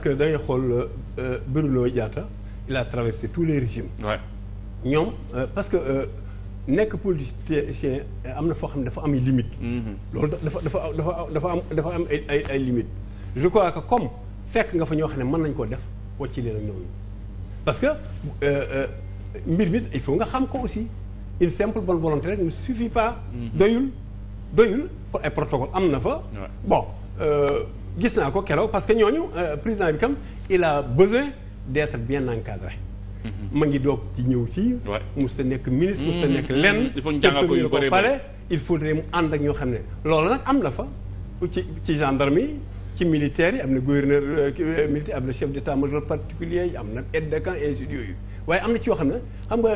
parce que da ngay xool euh, Bruno Diatta il a traversé tous les régimes. ñoom euh, parce que euh, nekk politicien am na foo xam ne dafa am limite. Mhm. loolu dafa dafa dafa dafa am dafa am ay ay limites. je crois que comme fekk nga fa ñoo xam ne mën nañ koo def wàcci leen ak ñooñu parce que mbir mi il faut nga xam ko aussi une simple bonne volonté rek ne suffit pas. Mhm. doyul doyul ay protocole am na fa. bon. Euh, gis naa ko keroog parce que ñooñu euh, président bi kam il a besoin d'être bien encadré. Mhm. ma ngi doog ci ñëw ci. mu sa nekk ministre mu sa mhm. nekk lenn. il faut ñu jàngal ko yu bëree pare il faudrait mu ànd ak ñoo xam ne loolu nag am na fa ci ci gendarme yi ci militaires yi am na gouverneur euh, militaire am na chef d'état-major particulier yi am na aide de camp et yooyu waaye am na ci yoo xam ne xam nga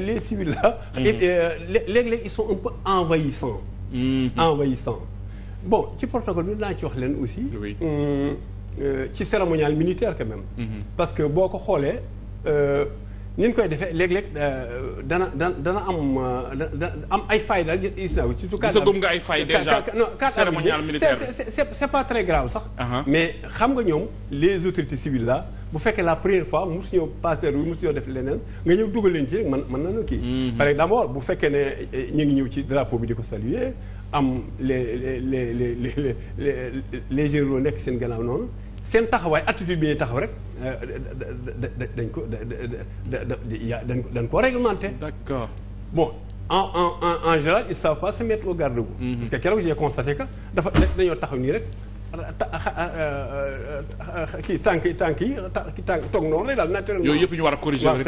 les civils là. Mhm. léeg-léeg ils sont un peu envahissants. envahissants. bon ci protocole bi dinaa ci wax leen aussi. oui euh, ci cérémonial militaire quand même. Mhm. parce que boo ko xoolee euh, ni ñu koy defee léeg-léeg euh, dana dana dana am am ay failles daal gis naa ko. surtout cas gisagum nga ay failles déjà cérémonial militaire c'est c'est pas très grave sax. mais xam nga ñoom les autorités civiles la bu fekkee la première fois mosu ñëw passer wu mosu ñëw def leneen nga ñëw dugal leen ci rek man mën na la kii. Mhm. par exemple d'abord bu fekkee ne eh, ñu ngi ñëw ci drapeau bi di ko saluer. am les les les les les les les nekk seen gannaaw noonu seen taxawaay attitude bi ñuy taxaw rek euh, dañ ko dañ ko dañ koo réglementé. d'accord bon en en en en général ils savent pas se mettre au garde-boue. Mhm. parce que keroog j'ai constaté que dafa dañoo taxaw nii rek. Euh, euh, kii tànk yi tànk yi tànk toog noonu lay daal naturellement. yooyu yëpp ñu war a corriger